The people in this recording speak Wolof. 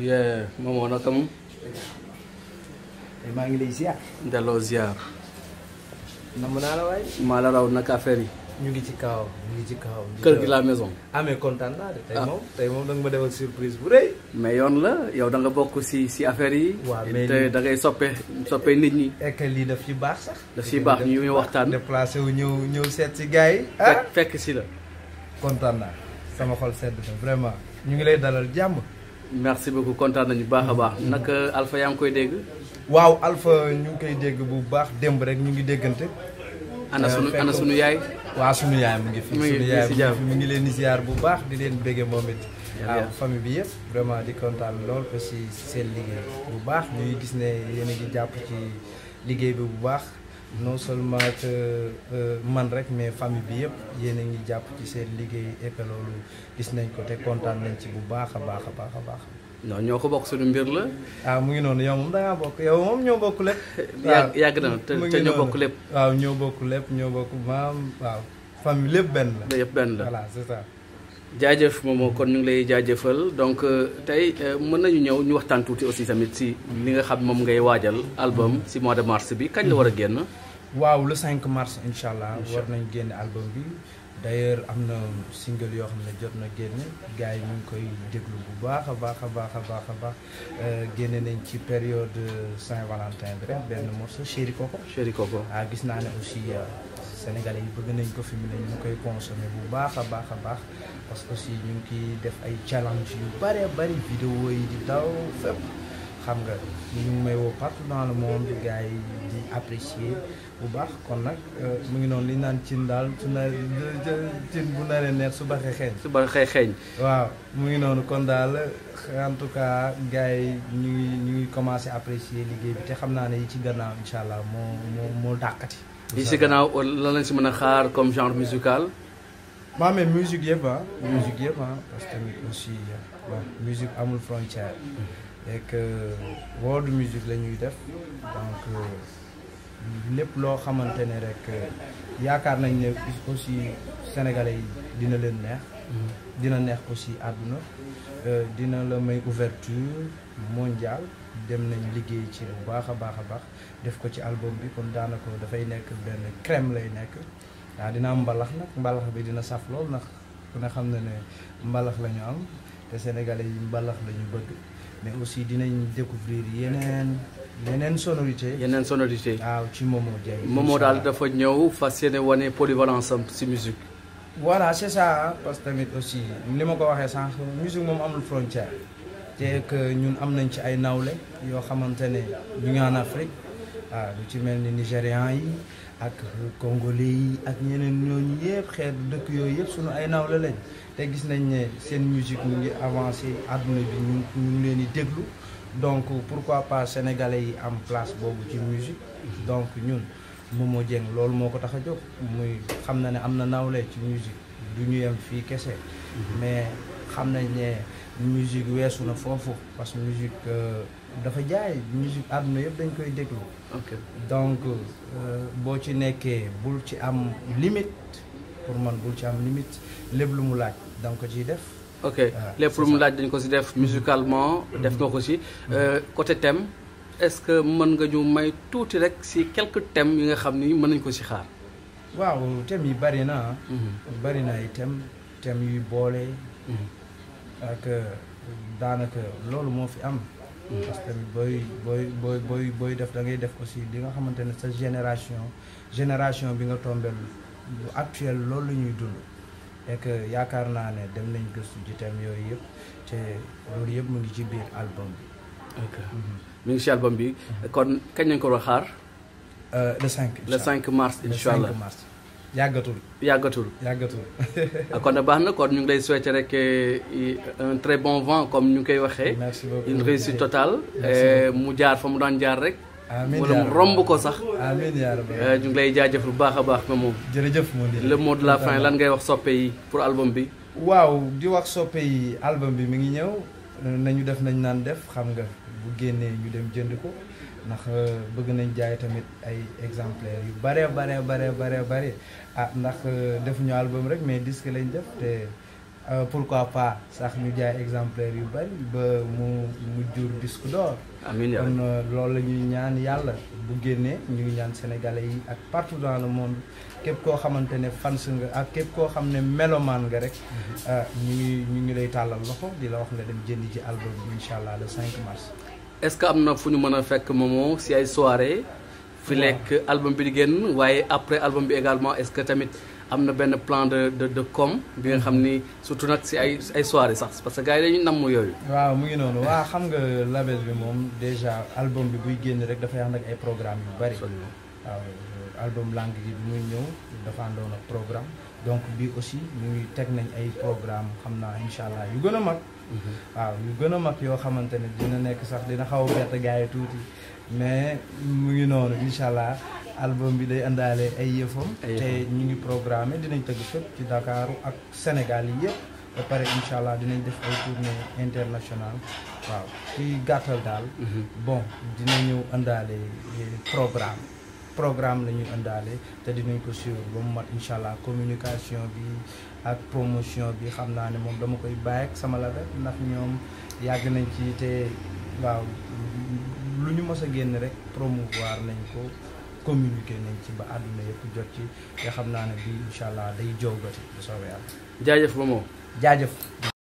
yee moomoo naka mu maa ngi lay ziar. delloo ziar. namm naa la waay. maa la raw naka affaire yi. ñu ngi ci kaw ci kaw. kër gi la maison. amee kontaan naa de. tey moom tey moom da ma defal surprise bu rëy. mais yoon la yow danga bokk si si affaire yi. waaw mais te da ngay soppe soppe nit ñi. et eh, lii daf ci baax ah. sax. daf ci baax ñu ñu waxtaan. déplacé wu ñëw ñëw seet si gars ah. yi. fekk fekk si la. kontaan naa sama xol sedd na vraiment ñu ngi lay dalal jàmm. merci beaucoup kontaan nañu baax a baax. naka Alpha yaa ngi koy dégg. waaw Alpha ñu ngi koy dégg bu baax démb rek ñu ngi déggante. ana euh, sunu ana sunu yaay. waa sunu yaay mu ngi fi. mu ngi fi sunu yaay mu ngi leen di ziar bu baax di leen béggee moom it. famille bi yëpp vraiment di kontaan lool aussi seen liggéey bu baax ñuy gis ne yéen a ngi jàpp ci liggéey bi bu baax. non seulement que euh, man rek mais famille bi yëpp yéen a ngi jàpp ci seen liggéey et que loolu gis nañ ko te kontaan nañ ci bu baax a baax a baax a baax. non ñoo ko bokk suñu mbir la. ah mu ngi noonu yow moom da bokk yow moom ñoo bokk lépp. yàgg yàgg na te te ñoo bokk lépp. waaw ñoo bokk lépp ñoo bokk maam waaw famille lépp benn la. lépp benn la jaajëf moomoo kon ñu ngi lay jaajëfal donc euh, tey euh, mën nañu ñëw ñu waxtaan tuuti aussi tamit si li nga xam moom ngay waajal albam si mois de mars bi kañ la war a génn. waaw le cinq mars incha allah. war nañ génn album bi. dayeur am na single yoo xam ne jot na génn gars yi ñu ngi koy déglu bu baax a baax a baax a baax a baax euh, génne nañ ci période Saint-Valentin bi rek benn morceau Chéri ko Chéri Coco ah gis naa ne aussi. Sénégalais yi bëgg nañ ko fi mu ne ñu koy consommer bu baax a baax a baax parce que aussi ñu ngi ciy def ay challenge yu bare bari vidéo yi di daw fépp xam nga ñu ngi may woo partout dans le monde gars di apprécier bu baax kon nag euh, mu ngi noonu li naan cin daal su na cin bu naree neex su baxee xeeñ su baxee xeeñ waaw mu ngi noonu kon daal en tout cas gars yi ñu ngi ñu ngi commencé apprécier liggéey bi te xam naa ne yi ci gannaaw incha allah moo moo moo dàqati li si gannaaw lan lañ si mën a xaar comme genre musical. maa mais musique yëpp ah. musique yëpp ah. parce que tamit aussi waaw musique amul frontière. Hmm. et que euh, world music la ñuy def euh, lépp loo xamante ne rek euh, yaakaar nañ ne aussi sénégalais yi dina leen neex mm-hmm. dina neex aussi àdduna euh, dina la may ouverture mondiale dem nañ liggéey ci bu baax a baax a baax def ko ci album bi kon daanako dafay nekk benn crème lay nekk waaw dina am mbalax nag mbalax bi dina saf lool ndax ku ne xam na ne mbalax la ñu am te sénégalais yi mbalax lañu ñu bëgg mais aussi dinañ découvrir yeneen yeneen sonorité yeneen sonorité waaw ci Momo Dieng Momo daal dafa ñëw fas yéene wane polyvalence am si musique voilà c' est ça tamit aussi li ma ko waxee sànq musique moom amul frontière te que ñun am nañ ci ay nawle yoo xamante ne ñu ngi en Afrique waaw lu ci mel ni Nigérian yi ak Congolais yi ak ñeneen ñooñu yëpp xeetu dëkk yooyu yëpp suñu ay nawle lañ te gis nañ ne seen musique mu ngi avancé àdduna bi ñu ñu leen di déglu donc pourquoi pas sénégalais yi am place boobu ci musique donc ñun Momo Dieng loolu moo ko tax a jóg muy xam na ne am na nawle ci musique du ñu yem fii kese mais xam nañ ne musique weesu na foofu parce que musique euh, dafa jaay musique àdduna yëpp dañ koy déglu donc euh, boo ci nekkee bul ci am limite pour man bul ci am limite lépp lu mu laaj danga ko ciy def ok lépp lu mu laaj dañ ko si def musicalement mm-hmm. def nga ko si euh, côté thème est-ce que mën nga ñu may tuuti rek si quelques thèmes yi nga xam ni mën nañ ko si xaar waaw thèmes yi bari na ah. mm-hmm. bari na ay thèmes thèmes yuy boole mm-hmm. ak euh, daanaka loolu moo fi am booy booy booy booy booy def da ngay def aussi li nga xamante ne sa génération génération bi nga tombel actuelle loolu la ñuy dund et yaakaar naa ne dem nañ gëstu jitam yooyu yëpp te loolu yëpp mu ngi ci biir album bi. ok mu mhm. ngi ci album bi mhm. kon kañ lañ ko war xaar. Euh, le cinq le 5 mars incha allah le 5 mars. yàggatul yàggatul yàggatul. Ah, kon da baax na kon ñu ngi lay souhaiter rek euh, un très bon vent comme ñu ngi koy waxee. une réussite totale. mu jaar fa mu daan jaar rek. wala mu romb ko sax. amiin yaa rabbi eh, ñu ngi lay jaajëf lu baax a baax ba moom. jërëjëf moo di le mot de la fin lan ngay wax soppe yi pour album bi. waaw di wax soppe yi album bi mi ngi ñëw nañu def nañ naan def xam nga bu génnee ñu dem jënd ko ndax euh, bëgg nañ jaay tamit ay exemplaires yu bare bare bare bare bare ah ndax euh, defuñu album rek mais disque lañ def te. Euh, pourquoi pas sax ñu jaay exemplaire yu bari ba mu mu jur disque d'or amiin kon euh, loolu la ñuy ñaan yàlla bu génnee ñu ngi ñaan sénégalais yi ak partout dans le monde képp koo xamante ne fans nga ak képp koo xam ne melomaan nga rek mm-hmm. euh, ñu ngi ñu ngi lay tàllal loxo di la wax nga dem jënd ci album bi incha allah le 5 mars est-ce que am na fu ñu mën a fekk moomoo si ay soirée fi lekk album bi di génn waaye après album bi également est-ce que tamit am na benn plan de de de bi nga xam ni surtout nag si ay ay soirée sax parce que gars dañuy namm yooyu. waaw mu ngi noonu waaw xam nga label bi moom déjà album bi buy génn rek dafay ànd ak ay programme yu bari. waaw album langue bi muy ñëw dafa àndoon ak programme donc bii aussi mu ngi teg nañ ay programme xam naa incha allah yu gën a mag. Mhm. waaw yu gën a mag yoo xamante ne dina nekk sax dina xaw bett gars tuuti mais mu ngi noonu incha allah. album bi day àndaale ay yëfam te ñu ngi programmé dinañ tëgg fépp ci ndakaaru ak Sénégal yi yëpp ba pare incha allah dinañ def ay tournée internationale waaw ci gàttal daal mhm. bon dina ñëw àndaale programme programme lañuy ñuy àndaale te dinañ ko suivre ba mu mat incha allah communication bi ak promotion bi xam naa ne moom dama koy bàyyi ak sama la rek ndax ñoom yàgg nañ ci te waaw lu ñu mës a génn rek promouvoir nañ ko communiqué nañ ci ba àdduna yëpp jot ci nga xam naa ne bii incha allah day jowgati bu soobee yàlla. jaajëf ba moom jaajëf.